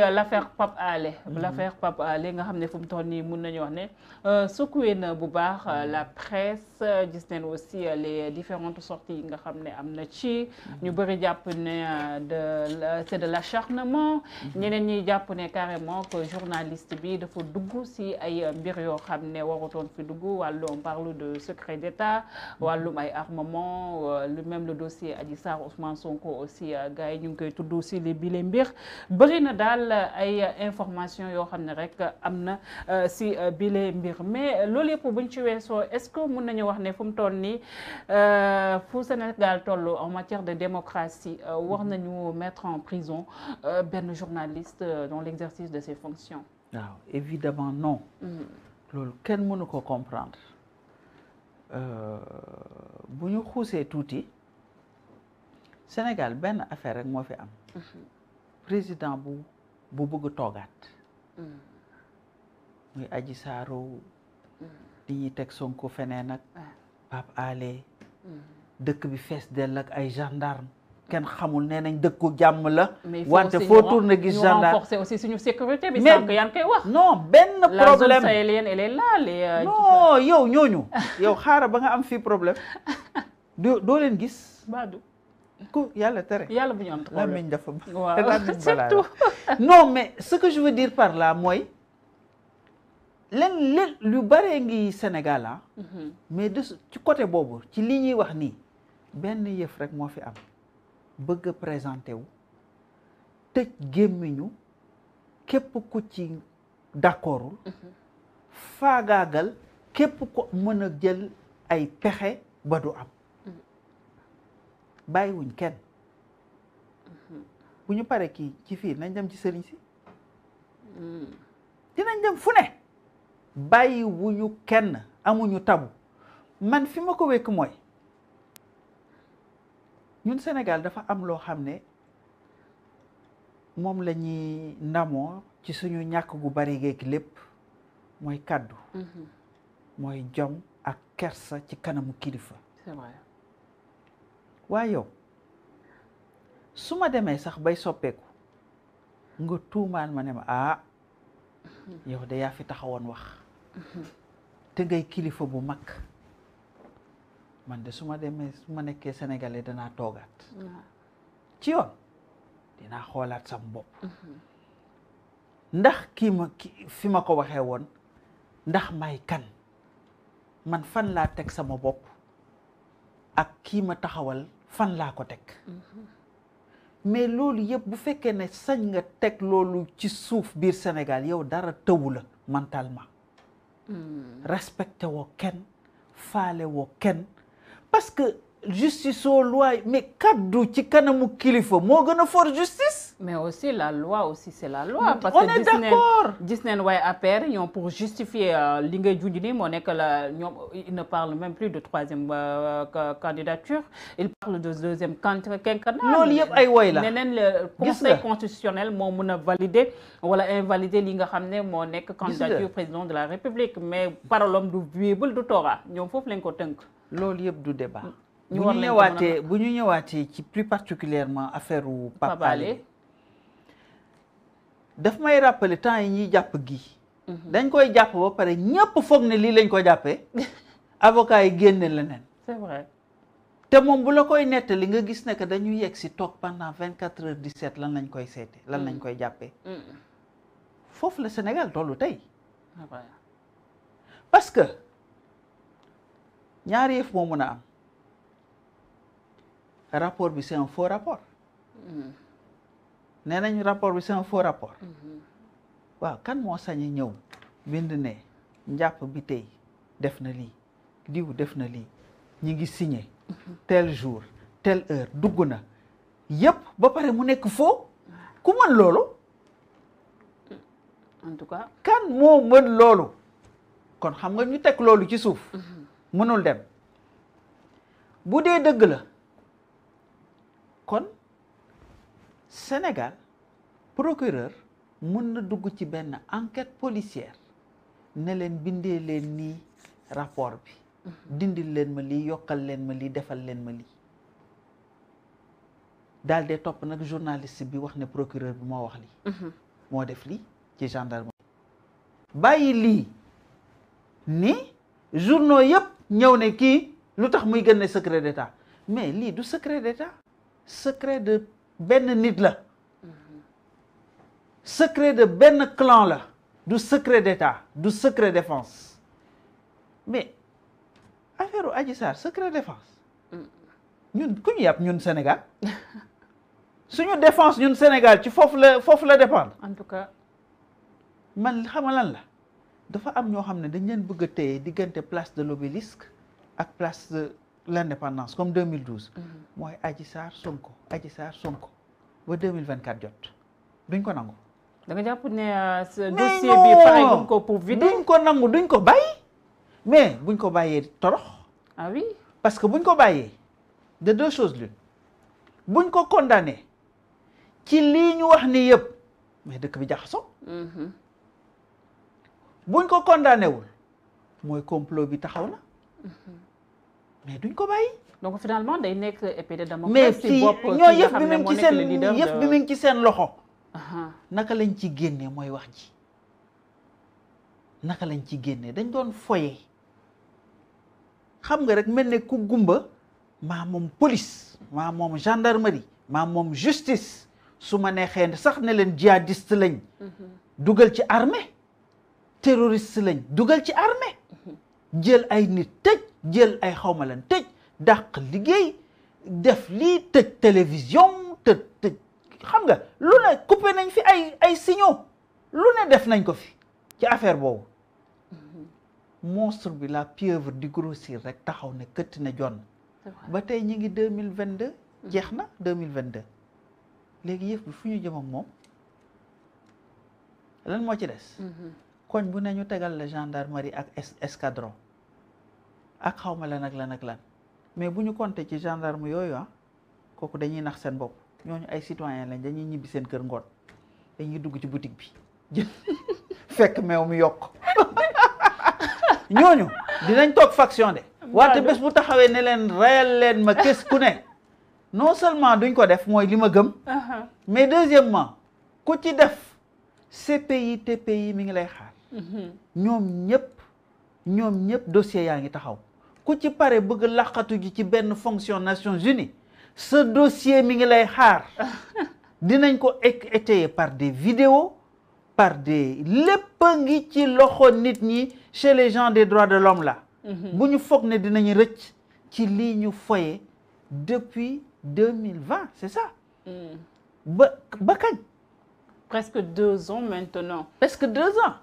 Euh, l'affaire Pape Alé mm-hmm. l'affaire Pape Alé nga xam ne fu mu toll nii mun nañu wax ne euh, secoué bu baax euh, la presse gis nañ aussi les différentes sorties yi nga xam ne am na ci mm-hmm. ñu bëri jàpp ne de c'est de l'acharnement mm-hmm. ñeneen ñuy jàpp ne carrément que journaliste bi dafa dugg si ay mbir yoo xam ne warutoon fi dugg wàllu on parle de secret d'État wàllum ay armement lu même le dossier Adji Sarr Ousmane Sonko aussi gars ñu ngi koy tudd si li mbir bëri daal la ay information yoo xam ne rek am na euh, si euh, bile mbir mais loolu yëpp buñ ci weesoo est-ce que mun nañu wax ne fu mu toll nii euh, fu Sénégal toll en matière de démocratie war nañu mettre en prison benn journaliste dans l'exercice de ses fonctions waaw évidemment non mm-hmm. loolu kenn mënu ko comprendre bu ñu xuusee tuuti Sénégal benn affaire rek moo fi am mm-hmm. président bu bu bëgg toogaat mm. muy aji saaro mm. di ñuy teg Sonko feneen ak ah. Pape Alé mm. dëkk bi fees dell ak ay gendarme kenn xamul nee nañ dëkku jàmm la wante foo tourné gis gendarme renforcer aussi suñu bi sànq ngi koy wax non benn problème la zone sahélienne euh, yow ñooñu yow xaaral ba nga am fii problème doo leen gis badu ku yàlla tere yàlla bu ñu am làmmiñ dafa waaw làmmiñ balaa non mais ce que je par là mooy len len ngi Sénégal ah mhm. mais ci côté boobu ci li ñuy wax nii benn yëf rek moo fi am bëgg a présenté wu tëj gémmiñu képp ku ci d'accordul mhm. faagaagal képp ko mën a jël ay pexe ba du am bàyyiwuñ kenn mm-hmm. bu ñu paree kii ci fii nañ dem ci sëriñ si mm. dinañ dem fu ne bàyyiwuñu kenn amuñu tabu man fi ma ko wekk mooy ñun senegal dafa am loo xam ne moom la ñuy ndamoo ci suñu ñàkk gu bari geek lépp mooy kàddu mm-hmm. mooy jom ak kersa ci kanamu kilifa waa yow su ma demee sax bay soppeeku nga tuumaan ma ne ma ah yow de yaa fi taxawoon wax te ngay kilifa bu mag man de su ma demee su ma nekkee sénégalais danaa toogaat ci yoon dinaa xoolaat sam bopp mhm. ndax kii ma fi ma ko waxee woon ndax may kan man fan laa teg sama bopp ak kii ma taxawal fan laa ko teg mhm. mais loolu yëpp bu fekkee ne sañ nga teg loolu ci suuf biir Sénégal yow dara tëwu la mentalement mhm. respecté woo kenn faale woo kenn parce que justice aux lois mais kaddu ci kanamu kilifa moo gën a fort justice. mais aussi la loi aussi c'est la loi. parce que gis nañ gis nañ waaye APR ñoom pour justifier euh, li nga junj nii moo nekk la ñoom il ne parle même plus de troisième euh, candidature il parle de deuxième quinquennat. loolu yëpp ay woy la gis nga neneen le conseil constitutionnel moo mun a valider wala invalider li nga xam ne moo nekk. candidature président de la république mais parolom du bible du Torah ñoom foofu lañ ko tënk. loolu yëpp du débat. ñu war leen ñëwaatee bu ñu ñëwaatee ci plus particulièrement affaire wu Pape Alé daf may rappeler temps yi ñuy jàpp gii mhm. dañ koy jàpp ba pare ñëpp foog ne lii lañ koy jàppee avocat yi génne leneen c'est vrai te moom bu la koy nette li nga gis ne que dañu yegg si toog pendant vingt quatre heures dix sept lan lañ koy seete lan lañ mhm. koy jàppee mhm. foofu la Sénégal tollu tey parce que ñaari yëf moo mun a am rapport bi c'est un faux rapport mm-hmm. nee nañ rapport bi c'est un faux rapport mm-hmm. waaw kan moo sañ a ñëw bind ne njàpp bi tey def na lii diw def na lii ñi ngi signé mm-hmm. tel jour tel heure dugg na yépp ba pare mu nekk faux ku mën loolu en tout cas kan moo mën loolu kon xam nga ñu teg loolu ci suuf mënul dem bu dee dëgg la kon Sénégal procureur mën na dugg ci benn enquête policière ne leen bindee leen nii rapport bi mhm. dindil leen ma lii yokkal leen ma lii defal leen ma lii daal dee topp nag journaliste bi wax ne procureur bi moo wax lii mhm. moo def lii ci gendarmerie bàyyi lii ni journaux yëpp ñëw ne kii lu tax muy gën ne secret d'état mais lii du secret secret de benn nit la secret de benn clan la du secret d'état du secret défense mais affaire u Adji Sarr secret défense ñun ku ñu yàpp ñun Sénégal suñu défense ñun Sénégal ci foofu la foofu la dépendre en tout cas man xama lan la dafa am ñoo xam ne dañ leen bëgg a téye diggante place de l'obélisque ak place l'indépendance comme 2012. Mm-hmm. mooy Adji Sarr Sonko Adji Sarr Sonko ba 2024 jot duñ ko nangu. da nga jàpp ne euh, ce dossier bi pare duñ ko pour ko nangu duñ ko bàyyi mais buñ ko bàyyee torox. Ah parce que buñ ko bàyyee de deux choses l'une buñ ko condamné ci lii ñu wax ni yëpp mais dëkk bi jaxaso. Mm-hmm. buñ ko condamné wul mooy complot bi taxaw na. Mm-hmm. mais duñ ko bàyyi. donc finalement day nekk épée de Damoclès. si bopp ñoo yëf bi ngi ci seen yëf loxo. Uh-huh. naka lañ ci génnee mooy wax ji naka lañ ci génnee dañ doon foye xam nga rek mel ne ku gumba maa moom police maa moom gendarmerie maa moom justice su ma neexee sax ne leen djihadiste lañ. Uh-huh. dugal ci armée terroriste lañ dugal ci armée jël ay nit tëj jël ay xawma lan tëj dàq liggéey def lii tëj télévision tëj tëj xam nga lu ne coupé nañ fi ay ay signaux lu ne def nañ ko fi ci affaire boobu monstre bi la pieuvre di grossir rek taxaw ne këtt ne jonn ba tey ñi ngi deux mille vingt deux mm. jeex na deux mille vingt de léegi yëf bi fu ñu jëm moom lan moo ci des mm-hmm. koñ bu ne ñu tegal la gendarmerie ak escadron ak xawma lan ak lan ak lan mais bu ñu compter ci gendarme yooyu ah kooku dañuy nax seen bopp ñooñu ay citoyen lañ dañuy ñibbi seen kër ngoon dañuy dugg ci boutique bi jël fekk meew mi yokk ñooñu dinañ toog faction de wante bés bu taxawee ne leen rayal leen ma kës ku ne non seulement duñ ko def mooy li ma gëm uh-huh. mais deuxièmement ku ci def te TPI mu ngi lay xaar Mm-hmm. ñoom ñëpp ñoom ñëpp dossier yaa ngi taxaw ku ci pare bëgg laqatu ji ci benn fonction Nations Unies sa dossier mi ngi lay xaar dinañ ko étayer par des vidéos par des lépp a ngi ci loxo nit ñi chez les gens des droits de l'homme la mm-hmm. bu ñu foog ne dinañu rëcc ci lii ñu foye depuis deux mille vingt c'est ça mm. ba kañ presque deux ans maintenant. presque deux ans.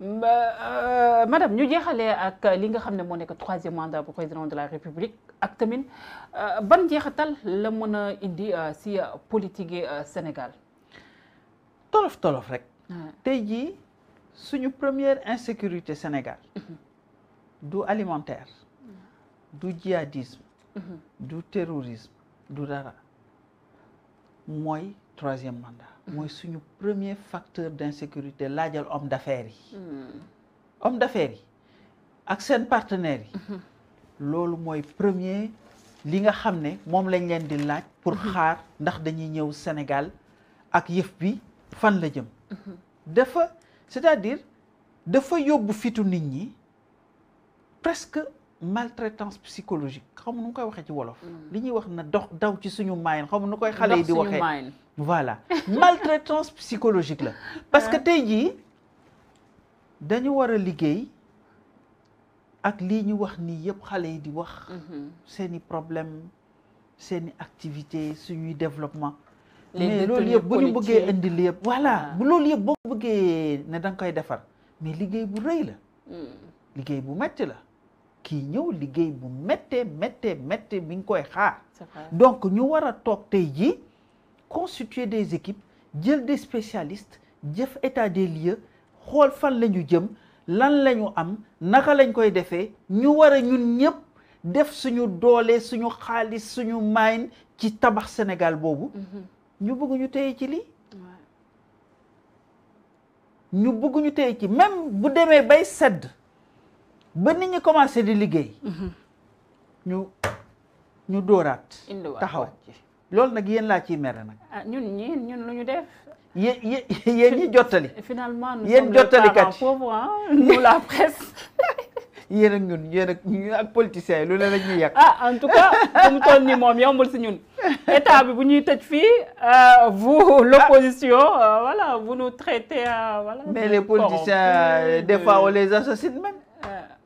Euh, madame ñu jeexale ak li nga xam ne moo nekk troisième mandat bu président de la république ak tamit euh, ban tal la mën a indi euh, si politique Sénégal. tolof tolof rek. tey jii suñu première insécurité Sénégal. Mhm. du alimentaire. Mhm. du djihadisme. Mhm. du terrorisme du dara. mooy troisième mandat. mooy suñu premier facteur d'insécurité laajal homme d'affaires yi. Hmm. homme d'affaires yi ak seen partenaires yi. Hmm. loolu mooy premier li nga xam ne moom lañ leen di laaj. pour hmm. xaar ndax dañuy ñëw Sénégal ak yëf bi fan la jëm. dafa c'est-à-dire dafa yóbbu fitu nit ñi presque maltraitance psychologique xam nu koy waxee ci wolof. li ñuy wax na dox daw ci suñu maayin xam nu koy xale yi di waxee voilà maltraitance psychologique la parce que tey jii dañu war a liggéey ak lii ñu wax nii yëpp xale yi di wax mhm. seeni problème seeni activité suñuy développement mais loolu yëpp bu ñu bëggee indi yëpp voilà loolu yëpp boo bëggee ne da koy defar mais liggéey bu rëy la mm. liggéey bu metti la kii ñëw liggéey bu méttee méttee méttee mi ngi koy xaar donc ñu war a toog tey jii constituer des équipes jël des spécialistes jëf état de lieux xool fan la ñu jëm lan lañu am naka lañ koy defee ñu war a ñun ñëpp def suñu doole suñu xaalis suñu maayin ci tabax Sénégal boobu mhm. ñu bëgg ñu téye ci lii ñu bëgg ñu téye ci même bu demee bay sedd ba nit ñi commencé di liggéey mhm. ñu ñu dóoraat taxaw loolu nag yéen laa ci mere nag. ah ñun ñun ñun lu ñu def. yéen yéen ñi jottali. finalement nous sommes les parents pauvres ah nous la presse. yéen ak ñun yéen ak ñun ak politiciens yi lu ne la ñuy yàq. ah en tout cas mu toll nii moom yombul si ñun état bi bu ñuy tëj fii euh, vous ah. l'opposition euh, voilà vous nous traitez euh, voilà. mais les politiciens des fois on les assassine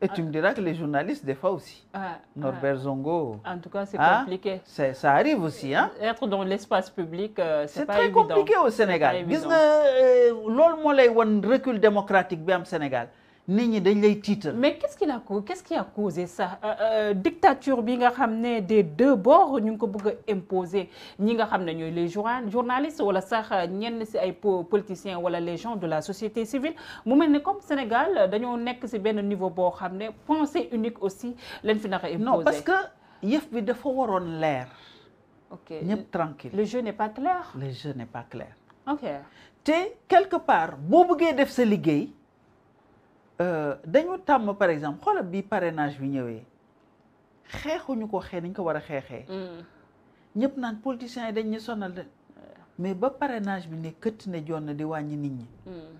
Et tu me diras que les journalistes, des fois aussi. Ah, ah. Norbert ah, Zongo. En tout cas, c'est hein? Ah, compliqué. Ça arrive aussi. Hein? Être dans l'espace public, euh, c'est pas très évident. compliqué au Sénégal. Gis nga euh, loolu moo lay won recul démocratique bi am Sénégal. nit ñi dañ lay tiital. mais qu'est-ce qui a qu'est-ce qui a causé euh, euh, dictature bi nga xam ne de deux bords ñu ngi ko bëgg a imposer ñi nga xam ne ñooy les journalistes wala sax ñenn ci ay politiciens wala les gens de la société civile mu mel ne comme Sénégal dañoo nekk ci benn niveau boo xam ne pensée unique aussi leen fi naka imposer. parce que yëf bi dafa waroon leer. ok ñëpp tranquille le jeu n'est pas clair. le jeu n'est pas clair. ok te quelque part boo bëggee def sa liggéey. Euh, dañu tàmm par exemple xoolal bi parenage bi ñëwee xeexuñu ko xee nañ ko war a xeexee. Mm. ñëpp naan politiciens yi dañ ñu sonal de mais ba parenage bi ne këtt ne joon na di wàññi nit ñi. Mm.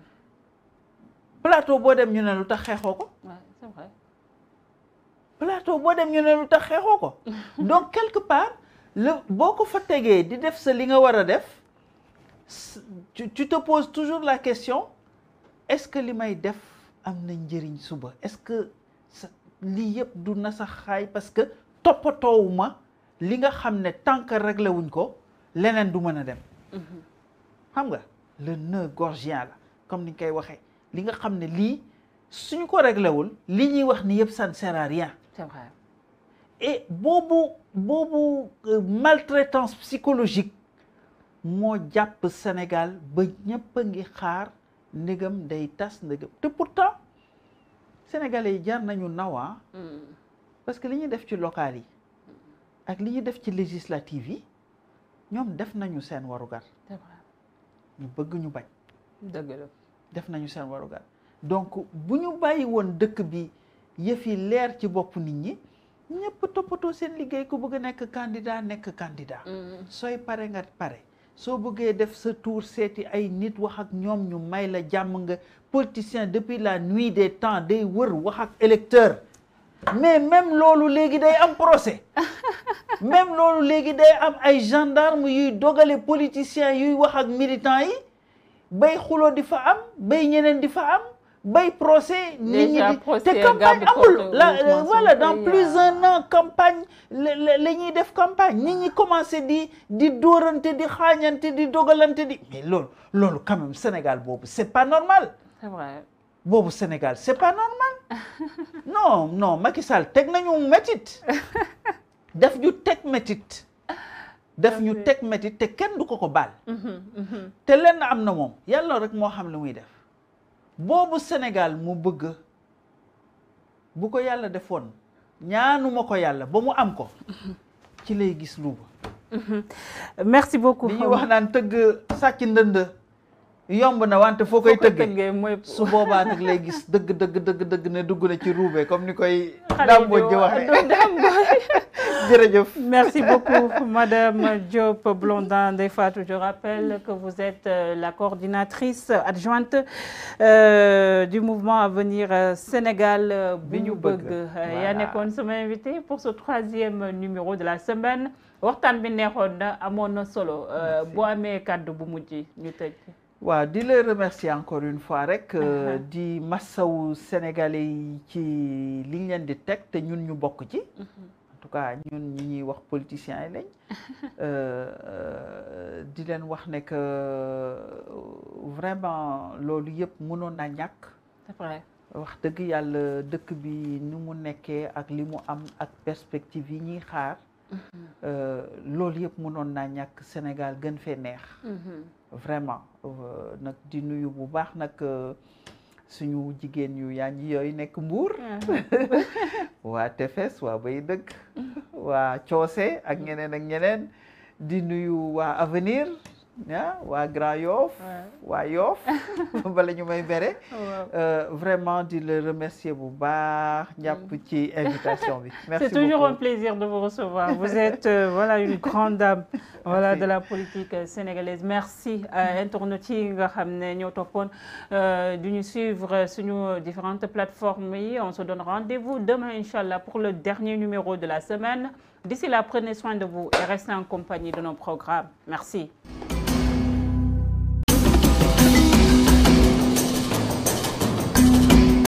plateau boo dem ñu ne lu tax xeexoo ko. boo dem ñu ne lu xeexoo ko. donc quelque part la boo ko fa tegee di def sa li nga war a def tu te poses toujours la question est-ce que li may def. am na njëriñ suba est-ce que lii yëpp du nasaxaay parce que toppatoowuma li nga xam ne tant que réglé wuñ ko leneen du mën a dem mhm. xam nga le nœud gorgien la comme ni ñu koy waxee li nga xam ne lii suñu ko reglewul wul li ñuy wax ni yëpp ça ne sert à rien c'est boobu boobu euh, maltraitance psychologique moo jàpp Sénégal ba ñëpp ngi xaar ndegam day tas ndegam te pourtant sénégalais yi jar nañu nawa parce que li ñuy def ci local yi ak li ñuy def ci législative yi ñoom def nañu seen warugar ñu bëgg ñu bañ nañu seen warugar donc bu ñu bàyyi woon dëkk bi yëf yi leer ci bopp nit ñi ñëpp toppatoo seen liggéey ku bëgg a nekk candidat nekk candidat mm. sooy pare nga pare soo bëggee def sa tour seeti ay nit wax ak ñoom ñu may la jàmm nga politicien depuis la nuit des temps day wër wax ak électeur mais même loolu léegi day am procès même loolu léegi day am ay gendarme yuy dogale politiciens yuy wax ak militants yi bay xuloo di fa am bay ñeneen di fa am bay procès nit ñi di te campagne amul la euh, voilà dans plus d'un an campagne la ñuy def campagne nit ñi commencé di di dóorante di xaañante di dogalante di mais loolu loolu quand Sénégal boobu c'est pas normal boobu Sénégal c'est pas normal non non Macky Sall teg nañu métit daf ñu teg métit daf ñu teg métit te kenn du ko ko baal mhm, mhm. te lenn am na moom yàlla rek moo xam li muy def boobu Sénégal mu bëgg bu ko yàlla defoon ñaanuma ko yàlla ba mu am ko ci lay gis luuba merci beaucoup li ñuy wax naan tëgg sàcc ndënd yomb na wante foo koy tëggee mooy su boobaa nag lay gis dëgg dëgg dëgg dëgg ne dugg na ci ruube comme ni koy dàmbooj ji waxee jërëjëf merci beaucoup madame Diop Blondin Ndeye Fatou je rappelle que vous êtes euh, la coordinatrice adjointe euh, du mouvement Avenir euh, Sénégal euh, bi ñu bëgg yaa nekkoon sama invité pour ce troisième numéro de la semaine waxtaan bi neexoon na amoon na solo boo amee kàddu bu mujj ñu tëj waaw di la remercier encore une fois rek uh-huh. di massawu sénégalais yi ci liñ leen di teg te ñun ñu bokk ci uh-huh. tout cas ñun ñi ñuy wax politiciens yi euh, di leen wax ne que euh, vraiment loolu yëpp mënoon na ñàkk wax dëgg yàlla dëkk bi ni mu nekkee ak li mu am ak perspective yi ñuy xaar mm-hmm. euh, loolu yëpp mënoon naa ñàkk Sénégal gën fe neex mm-hmm. vraiment nag di nuyu bu baax nag suñu jigéen yu yaa ngi yooyu nekk mbuur uh-huh. waa tefes waa bay dëkk waa coose ak ñeneen ak ñeneen di nuyu waa avenir waa Grand Yoff waa Yoff bala ñu may mere euh, vraiment di le remercier bu baax njàpp mm. ci invitation bi merci c'est toujours un plaisir de vous recevoir vous êtes euh, voilà une grande dame voilà de la politique euh, sénégalaise merci à mm. internautes yi nga xam ne ñoo toppoon du ñu suivre suñu différentes plateformes yi on se donne rendez-vous demain inchallah pour le dernier numéro de la semaine d'ici là prenez soin de vous et restez en compagnie de nos programmes merci